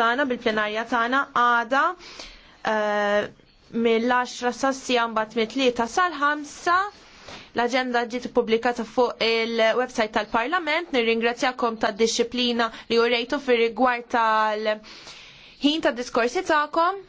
Tana bil-plenarja tagħna għada eh, mill-10 sassija mbagħad mit-tlieta sal-5 L-agenda ġiet ippubblikata fuq il-website tal-Parlament. Nirringrazzjakom tad disċiplina li urejtu fir rigward tal-ħin tad diskorsi tagħkom.